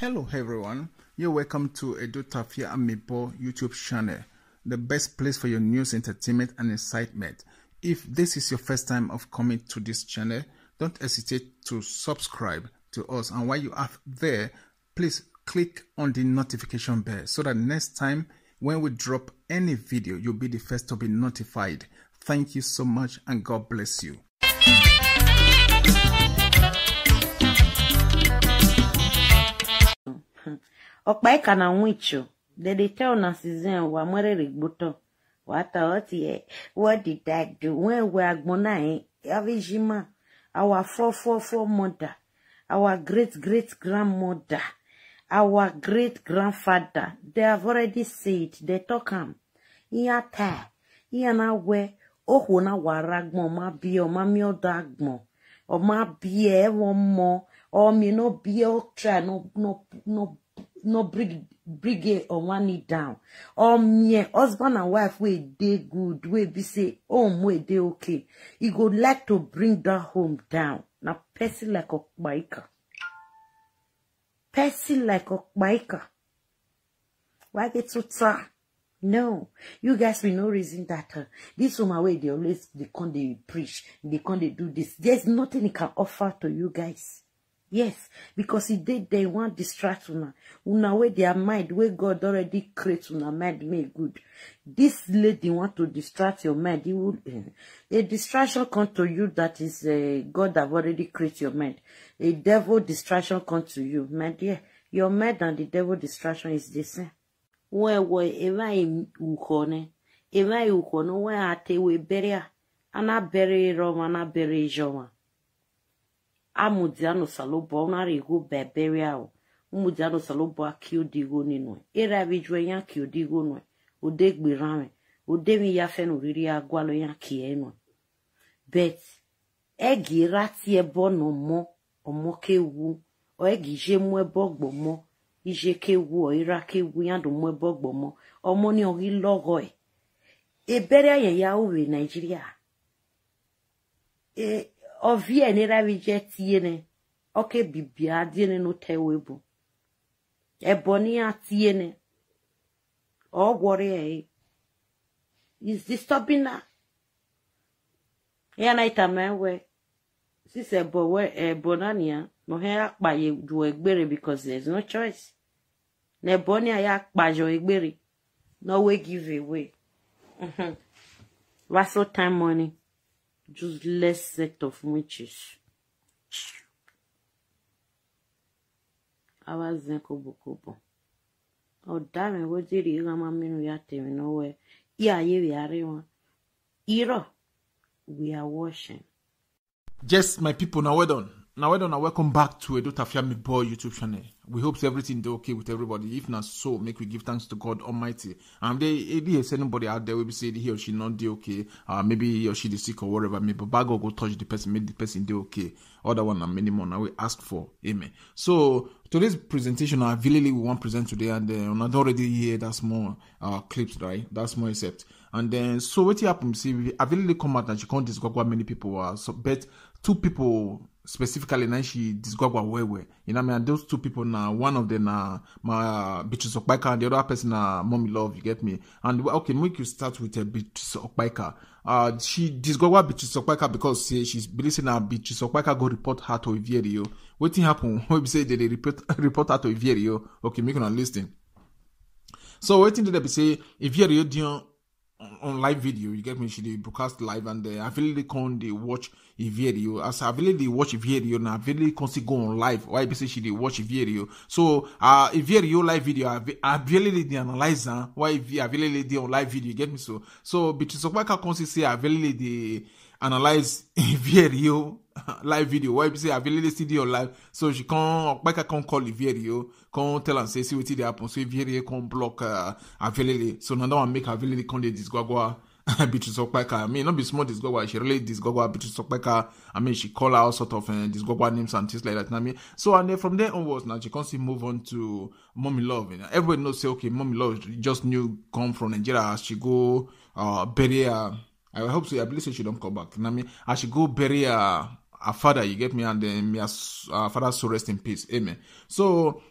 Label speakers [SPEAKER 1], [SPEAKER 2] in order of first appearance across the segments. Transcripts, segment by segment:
[SPEAKER 1] Hello everyone, you're welcome to Edu Tafia Amipo YouTube channel, the best place for your news, entertainment and excitement. If this is your first time of coming to this channel, don't hesitate to subscribe to us and while you are there, please click on the notification bell so that next time when we drop any video, you'll be the first to be notified. Thank you so much and God bless you.
[SPEAKER 2] ọkpaịka na nwicho dedete na sizin wamwererigbuto wata otie wodidadu wewe agbonayi e, avijima our four four four mother our great great grandmother our great grandfather they have already said they talk am ihe taa ihe na-agwe ohu na wara agbọn ma bie ọma mi ọdọ agbọn ọma bie ẹwọn mọ ọmi no bie ọtra no no no No bring it or one it down or um, me husband and wife we dey good we be say home we dey okay He go like to bring that home down Now person like a biker, person like a biker. why get so tired no you guys will no reason that uh, this woman way they always they come they preach they come they do this there's nothing he can offer to you guys Yes, because e They want e distract una. Una wey their mind, where God already created una mind made good. This lady want to distract your mind. You will, eh, a distraction come to you that is uh, God have already created your mind. A devil distraction come to you. My dear, your mind and the devil distraction is the same. Where were if ukone, if I ukone, where are they we bury her, bury Roma, and bury Joma. amudiano salobo onarigo beberiao umudiano salobo akiodigo ninue irabijo yan akiodigo nue odegberame odemi yafenu riri agwalo yan kienue bet egi rati ebo no mo omo kewu o egi je mu ebo gbomo ije kewu o ira kewu yan do mu ebo gbomo omo ni ori logo e ebere ayeya we nigeria e ovie ni ravije tiene oke bibia diene no tewebu eboni atiene ogwori e is disturbing her ya na itamawe sise bowe ebonania no he akpaye du egbere because there's no choice na ebonia ya akpajo egbere no way give away mm -hmm. Russell time money Just less set of witches. awazen kobokobo ọ̀daràn oh, wo ti rí ọmọ mínú ya tèmi náwó ẹ We ayé rẹ àárẹ wọn Yeah, we are we are washing.
[SPEAKER 1] yes my people now. well done Now, well done and welcome back to Edo Tafiami Boy YouTube channel. We hope everything is okay with everybody. If not so, make we give thanks to God Almighty. And they, eh, they anybody out there will be saying he or she not do okay. Uh, maybe he or she is sick or whatever. Maybe bag or go touch the person, make the person do okay. Other one and many more. Now we ask for. Amen. So today's presentation, I really we want present today, and uh, not already hear that's more uh, clips, right? That's more except. And then so what happened? See, I really come out and she can't discuss what many people were. So but two people specifically now she disgwagwa well well you know what i mean those two people now one of them na my beatrice okpaika and the other person na mommy love you get me and okay make you start with uh, beatrice okpaika uh, she disgwagwa beatrice okpaika because say she believe say na beatrice okpaika go report her to ivieri What wetin happen We say they report, report her to ivieri okay make una lis ten so what dey there be say ivieri odion on, live video. You get me? She they broadcast live and uh, I feel they can they watch a video. As I feel they watch a video now, I feel they can see go on live. Why because she they watch a video. So uh a video live video I really the analyzer. why I really the on live video. You get me? So so because so why can't see I really the analyze ìbéèrè live video why be say i really see dey live so she come opeka come call Ivieri o come tell am say see wetin dey happen so Ivieri come block uh, Avelele so na that one make Avelele come dey disgwagwa Beatrice Opeka I mean no be small disgwagwa she really disgwagwa Beatrice Opeka I mean she call her all sort of uh, disgwagwa names and things like that you know I mean so and then from there onwards now she come still move on to Mommy Love you know? everybody know say okay Mommy Love just new come from Nigeria as she go uh, bury her. Uh, I hope so. I believe so she don't come back. And I mean, I should go bury her, her father, you get me, and then my uh, father so rest in peace. Amen. So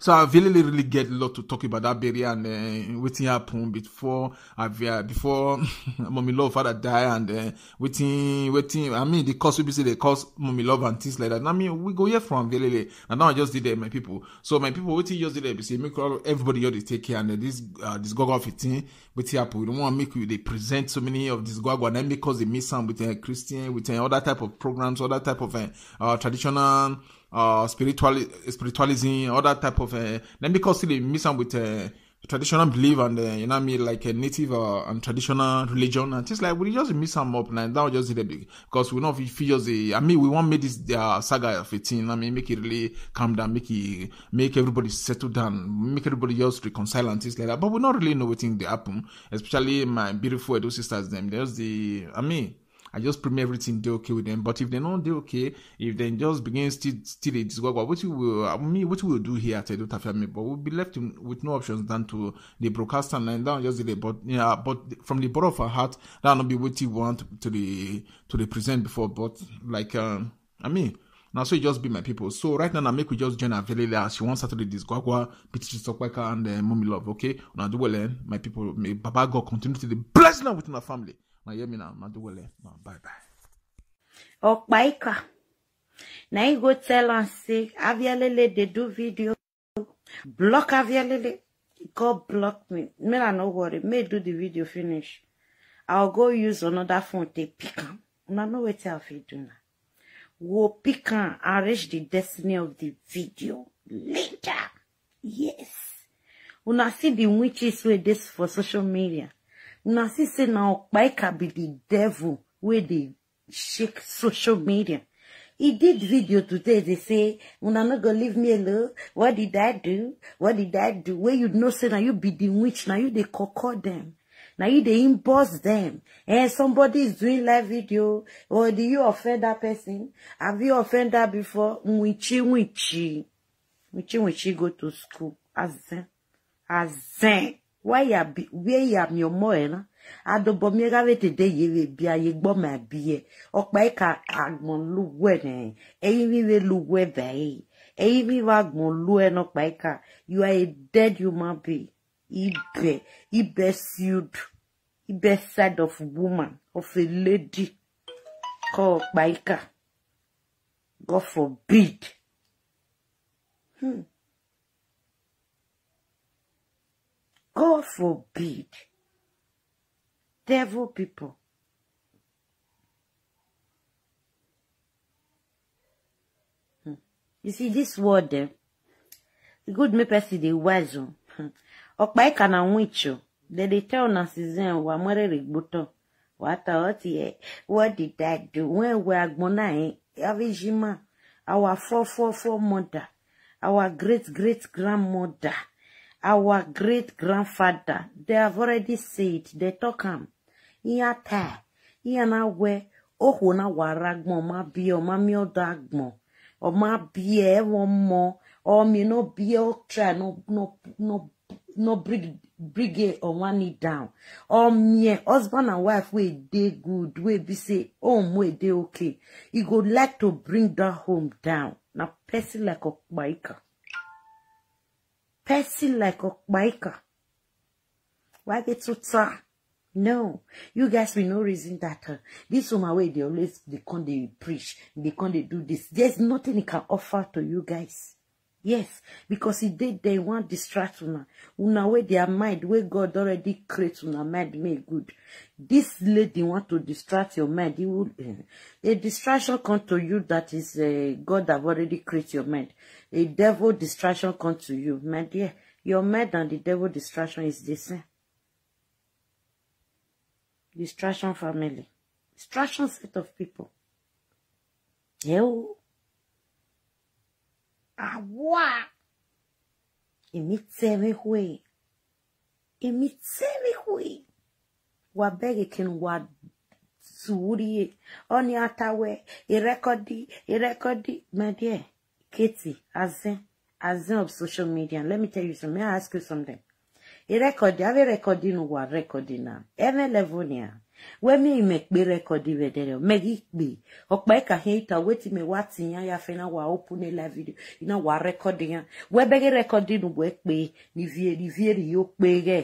[SPEAKER 1] So I really, really get a lot to talk about that burial and uh, waiting happen before Avia, uh, before mommy love father die and uh, waiting, waiting. I mean, the cause people say the cause mommy love and things like that. And I mean, we go here from Velele, and now I just did it, my people. So my people, waiting just did it. Say make all everybody here to take care and uh, this uh, this Gogo 15 waiting happen. We don't want to make you they present so many of this Gogo and then because they miss some with uh, Christian, with uh, other type of programs, other type of uh, uh traditional. uh, spiritual spiritualism, other type of. Uh, then because they mix them with uh, traditional belief and uh, you know I mean, like a uh, native uh, and traditional religion and it's like we just mix them up and that was just big, eh, because we know if you just uh, I mean we want make this uh, saga of a I mean make it really calm down make it make everybody settle down make everybody just reconcile and things like that but we not really know what thing they happen especially my beautiful Edo sisters them there's the I mean I just pray everything they okay with them. But if they don't they okay, if they just begin still still a discord, what will I mean what will do here at Edo Tafiame, but we'll be left in, with no options than to the broadcaster and down just delay. But yeah, but from the bottom of our heart, that'll not be what you want to the to the present before. But like um I mean now so it just be my people. So right now, now make we just join available as you want Saturday this Gwagwa, Pitichi Sokweka, and uh, Mommy Love. Okay, now do well, then eh? my people. May Baba God continue to bless them within our family. Ma ye mi nan, ma do wele. Ma, bay bay.
[SPEAKER 2] Ok, bay ka. Nan yi go tel an se, avye lele de do video. Blok avye lele. Go blok me. Me la no worry. Me do di video finish. I'll go use another fonte, pikam. Una no we te avye do na. Wo pikam, anrej di desne of di video. Lega. Yes. Una se di mwichi swede se for social media. na see say na Okpaika be the devil where they shake social media. He did video today, they say, Una no go leave me alone. What did I do? What did I do? Where you know say now you be the witch, now you they cocker them. Now you they impose them. And eh, somebody is doing live video. Or oh, do you offend that person? Have you offended that before? Mwichi mwichi. Mwichi mwichi go to school. Azen. Azen. waya bi weya miomo ena adobo miega vete de yewe bia ye gbo ma biye okpa e ka agbon luwe ne eyi vive luwe bai eyi vive agbon luwe no okpa e ka you are a dead human being ibe ibe sealed ibe side of woman of a lady ko okpa e ka God forbid hmm. God forbid, devil people. Hmm. You see, this word there, eh, good me person dey wise o. Oh. Hmm. Ọ̀pá ìka na witch oh. They tell na season eh, wa mwere rigboto. Wata oti e, what did I do? When we agbona e, eh, avijima, our four, four, four mother, our great, great grandmother, our great grandfather they have already said they talk am ihe taa ihe na we ohu na wara agbon ma bi o ma mi odo agbon o ma bi e won mo o mi no bi o try no no no no bring bring it on down o mi husband and wife wey dey good wey be say home wey dey okay e go like to bring that home down na person like okpaika Person like a biker, Why they so tough? No, you guys will no reason that uh, this woman way they always they can't they preach, they can't they do this. There's nothing he can offer to you guys. Yes, because he did. They want distract una. Una wey their mind where God already created una mind made good. This lady want to distract your mind. He will, eh, a distraction come to you that is uh, God have already created your mind. A devil distraction come to you. My dear, your mind and the devil distraction is the same. Distraction family. Distraction set of people. Yeah. àwa imitserehwe imitserehwe wabege kinu wa suurie oni atawe irekodi irekodi my dear katie azen azen of social media let me tell you something i ask you something irekodi ave rekodi nu wa rekodi na eme levonia wemi imekpe rekɔdi vedere megikpe ɔkpa eka he ita weti me watinya yafe na wa open opune live video ina wa rekɔdi ya webege rekɔdi nubu ekpe nivie nivie ri yo kpege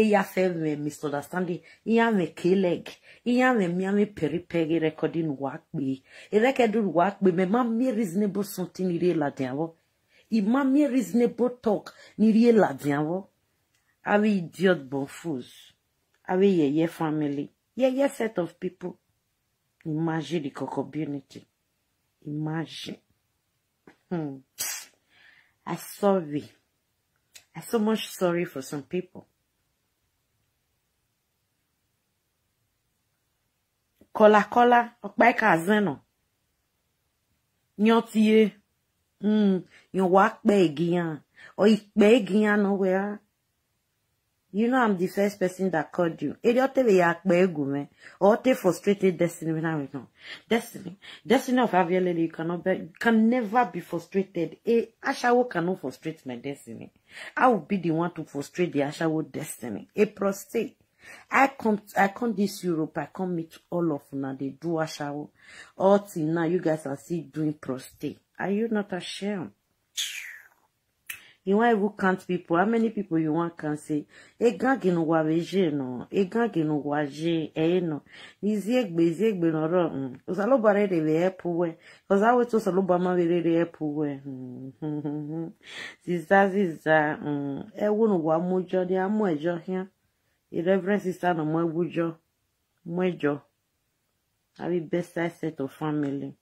[SPEAKER 2] eyafe me misunderstanding iya me keleg iya me mi miame peripege rekɔdi nu wa kpe erekedu nu wa kpe me ma mi reasonable something ire la I e ma mi reasonable talk nire la diawo awi idiot bonfus awi yeye family Yeah, yeah, set of people. Imagine the community. Imagine. Hmm. I am sorry. I am so much sorry for some people. Kola kola, okpa ika zeno. Nyotiye. Hmm, yon wak pe egiyan. O ikpe egiyan no wea. You know I'm the first person that called you. you man. Or te frustrated destiny when I know. Destiny. Destiny of Aviolele, you cannot be, can never be frustrated. A Ashawo cannot frustrate my destiny. I will be the one to frustrate the Ashawo destiny. A prostate. I come I come this Europe, I come meet all of now. They do Ashawo. All till now you guys are still doing prostate. Are you not ashamed? You want even count people. How many people you want can say? Egan ginu wabeje no. Egan ginu waje eh no. Niziegbe ziegbe no ro. Usaloba mm. rere le epuwe. Koza wetu usaloba ma rere epuwe. Sister sister. Ewu no wa mujo ni amu ejo hian. Irreverend sister no mo ebujo. Mo ejo. Abi best side set of family.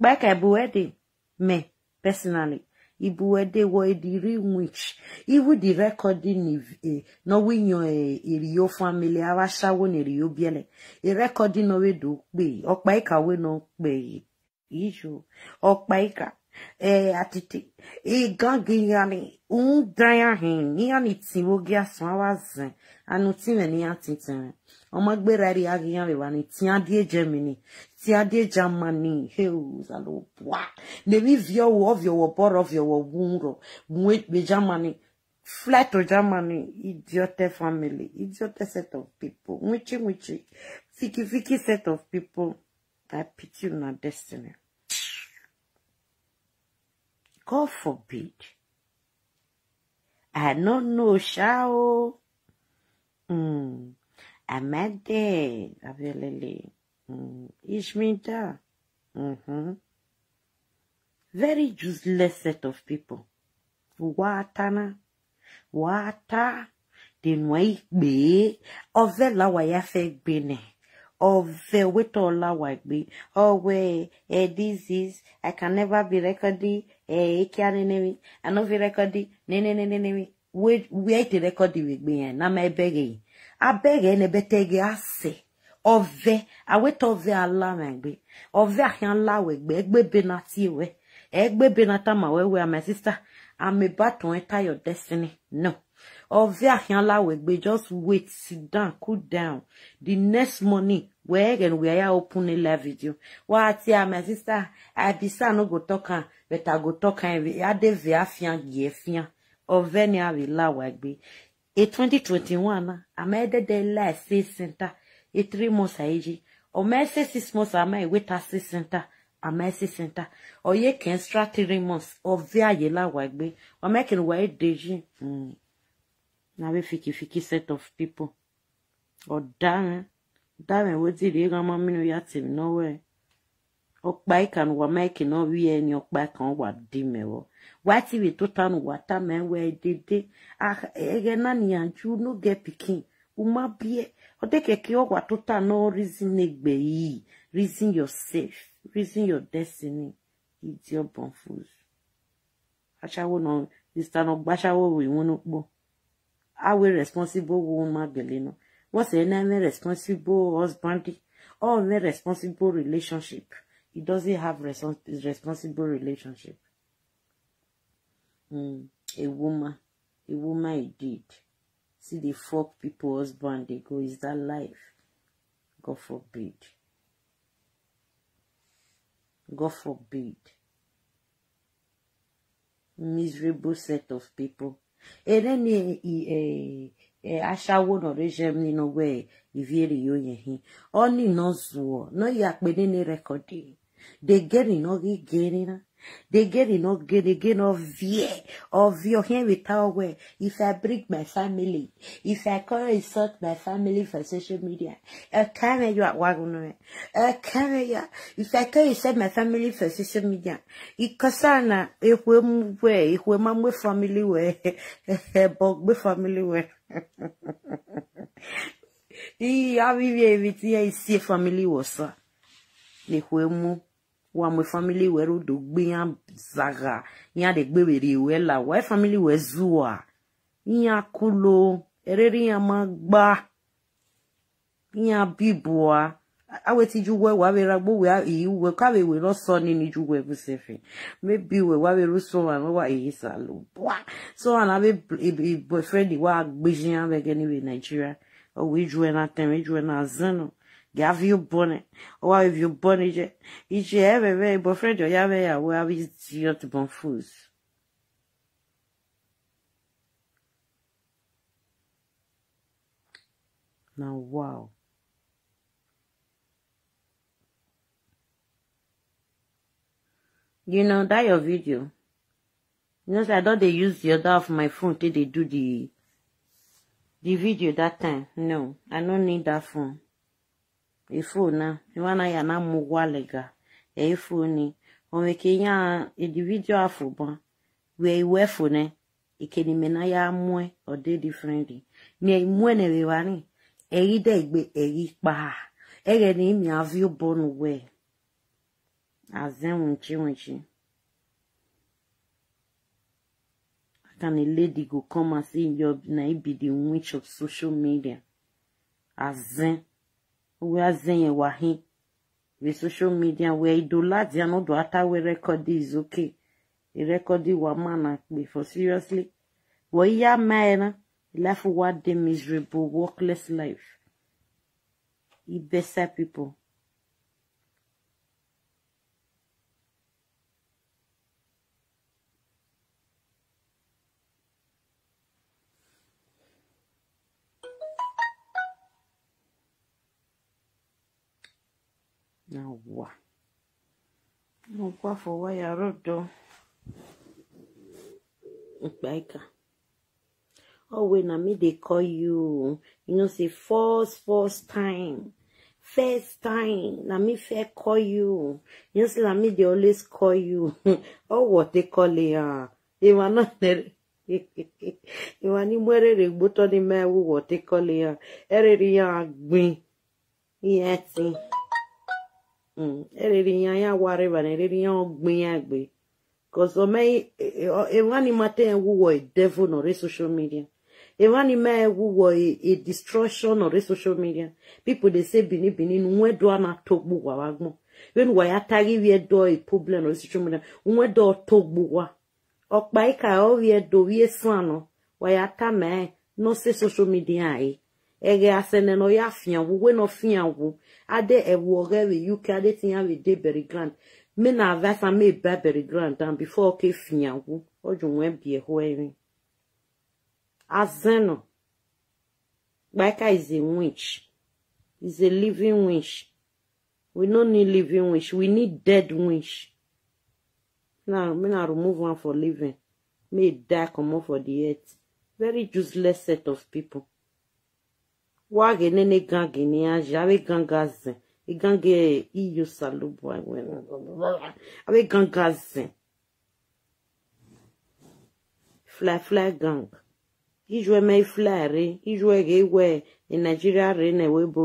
[SPEAKER 2] Back a buedi. Me personally ibuedewo ediri which iwu di recording eh, nọwinyo eriyo eh, family awasawo neriyo biele e recording nowe do pe ọpa ikawe no pe ijo ọpa ika atete igangiyani ń dẹ́yà hìn ní ànìtì wọ́gí àsán wá zẹ̀ ànùtí mẹ́ ní àtìtì rẹ̀ ọmọ gbéra rí agiyan rẹ wà ní tíá díẹ germany tíá díẹ germany hills alo bua lèmi viọwọ ọviọwọ bọrọ ọviọwọ wúrọ wúwe be germany fly to germany idiote family idiote set of people nwichi nwichi fiki fiki set of people i pity una destiny god forbid. I don't know, shall. Hmm. Amate, Gabrielele. Mm. Ishmita. Mm-hmm. Very useless set of people. Watana. Wata. be. ikbe. Ovela wayafe ikbene. Ove wetola wagbe. Owe. Eh, this is. I can never be recorded. Eh, ikianenemi. I no be recorded. Nenenenenemi. Wait, wait to record the wigbe. Na my begging. abege ne betege ase ove aweta ove ala megbe ove ahia nla wegbe egbe benati we egbe benata ma wewe my sister i'm about to enter your destiny no ove ahia nla wegbe just wait sit down cool down the next morning where again we are open a live video. What yeah, my sister, I be sad no go talk an, but I go talk an. I de via fian gie fian. Oveni a vila wagbi e 2021 amede de la se center e three months aji o mese six months ama e weta se center ama se center o ye ken stra 3 months o vi aye la wa gbe o me ken wa e deji mm. na be fiki fiki set of people o dan dan we ti re gan mo minu ya tèmi no we okpai kan wa maiki no wie ni okpai kan wa dimewo wati we totan wata men we dede ah ege na ni anju no get pikin uma bie odeke ki o wa totan no reason egbe yi reason yourself reason your destiny idiot bonfuse aṣáwó na mr na gbàṣáwó ìwọn no pọ awe responsible woman gbèlè na wọn sì ní ẹni responsible husband or ní responsible relationship he doesn't have respons responsible relationship. Mm, a woman, a woman indeed. See the fuck people husband they go is that life. God forbid. God forbid. Miserable set of people. And then he, eh, eh, aṣáwó nọ̀rọ̀ iṣẹ́ nínú wẹ̀ ìvírí yóò yẹn hin ọ́ nìna zùọ́ náà yà pé nínú rẹ̀kọ̀dì yìí. They get in no getting. They get in no get again of yeah of your hand without where if I break my family, if I call insult my family for social media, a camera you are wagon. A camera if I call insult my family for social media, it casana if we move away, if we with. family way, a bog family way. I have with everything I see family was. If we move wa mwe family we ro do gbe yan zaga yan de gbe bere we la wa e family we zuwa yan kulo ereri yan ma gba yan bibua awe ti ju wa we ra gbo we e yi we ka we we lo so ni ni ju we bu sefe maybe we wa we ro so wa wa e yi sa lo bwa so ana be boyfriend wa gbe yan be ke ni Nigeria o we ju na ten we ju na zanu Yeah, have you bonnet? Or oh, have you bonnet yet? If have a very boyfriend or you have a well, it's not bonfools. Now, wow. You know, that your video. You know, I thought they use the other of my phone till they do the the video that time. No, I don't need that phone. ifuna iwana ya na mugwalega eifuni onweke ya individual afụba wee iwefune ikenimena ya mue ọdị difrenti na mue na ewewari eyide igbe eyi kpaa ege na imi avio bonu wee aze nwuchi nwuchi can a lady go come and say na ibidi the witch of social media as then wa zenye wa hin with social media We where idolati anodo ata we record is okay e record wa mana before seriously We ya man left what The miserable workless life He besa people nkwa for waya rodo mkpaika always oh, na me dey call you you know say first first time first time na me fair call you you know say na me dey always call you all oh, what they call it ah they were not ìwà ní mú ẹrẹ́rẹ́ gbótọ́ ní mẹ́wù wọ̀tíkọ́lé ya ẹrẹ́rẹ́ ya gbin ìyẹn ti. Mm. eriri ihe anya wariba na eriri ihe ọgbụ ya gbe cos ewani e, mata ewuwo e devil nọrị social media ewani ma ewuwo a e, destruction nọrị social media people dey say bini bini nwedo a na wa gwawagbọ wenu wa ya taghị wie do a problem nọrị social media nwedo ọtọgbu gwa ọkpa ka ọ wie do wie sanọ wa ya ta mee nọsị social media anyị ege asene no ya fian wo we no fian wo ade ewo ge we you ka de tian we de very grand me na vasa me ba very grand and before ke fian wo Ojo wen bi e ho erin azeno Baika is a witch. Is a living witch. We no need living witch. We need dead witch. Now, me na remove one for living. Me die come off for the earth. Very useless set of people wage nene gange ni aja abe gangazen e gange iyo salubu abe gangazen fly fly gang ijue me fly re ijue ge we e nigeria re ne na webo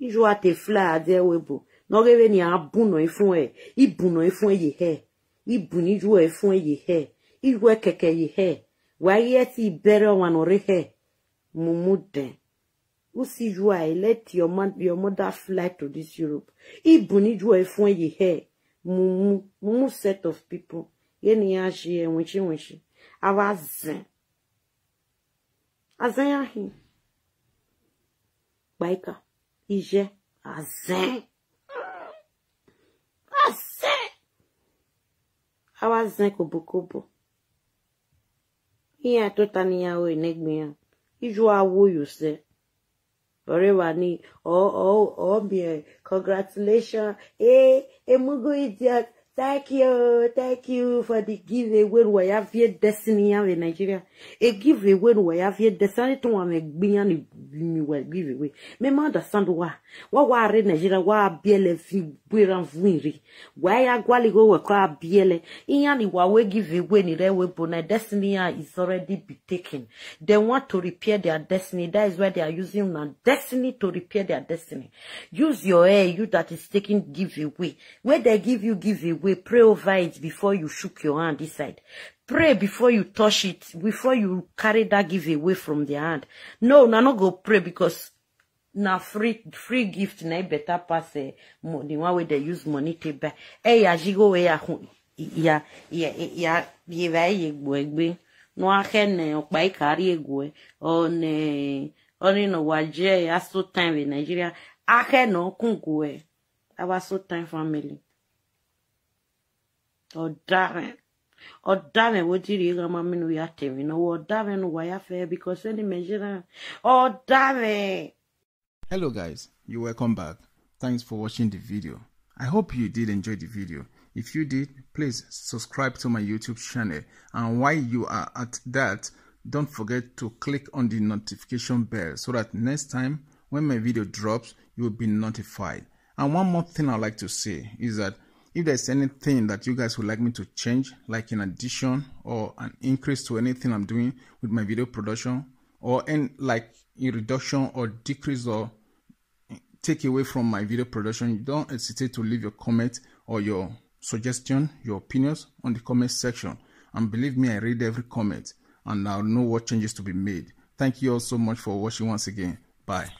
[SPEAKER 2] I ijue ate fly ade webo no gebe ni abuno ifun e I ifun e, e, e ye he ibuni ijue ifun e, e ye he ijue keke ye he wa ye ti bere wan ore he mumu den Usi see you let your man your mother fly to this Europe. Ibuni you a fun ye he mumu mumu set of people. Yeni ya shi e winchi winchi. Awa zen. Azen ya hi. Baika. Ije. Azen. Azen. Awa zen bo. kobo. Iya tota ni ya we negmi ya. Ijo awo yo se. Very funny. Oh, oh, oh! or, congratulations. Hey, eh, Emugu idiot. Thank you, thank you for the giveaway we have your destiny in Nigeria. A giveaway we have your destiny to one being give giveaway. Me ma understand why. Why are in Nigeria why biele fi buiran vuiri. Why are gwali go we kwa biele. Inyani wa we giveaway ni re we bona destiny is already be taken. They want to repair their destiny. That is why they are using their destiny to repair their destiny. Use your air, you that is taking giveaway. Where they give you giveaway way. Pray over it before you shook your hand this Pray before you touch it, before you carry that gift away from their hand. No, na no go pray because na free free gift na e better pass eh, the one way they use money to buy. Eh, ya jigo we ya ya ya ya ya ya nuahene okpa ikari e egwe eh. one one no waje aso time in Nigeria ahe no kungwe eh. so time family ọ̀daràn what did you rí ọmọ mi nù ya tèmi náwó ọ̀daràn nù wáyà fẹ́ because ẹni Nigerian ọ̀daràn.
[SPEAKER 1] Hello guys, you welcome back. Thanks for watching the video. I hope you did enjoy the video. If you did, please subscribe to my YouTube channel. And while you are at that, don't forget to click on the notification bell so that next time when my video drops, you will be notified. And one more thing I'd like to say is that if there's anything that you guys would like me to change, like an addition or an increase to anything I'm doing with my video production, or in like a reduction or decrease or take away from my video production, don't hesitate to leave your comment or your suggestion, your opinions on the comment section. And believe me, I read every comment and I'll know what changes to be made. Thank you all so much for watching once again. Bye.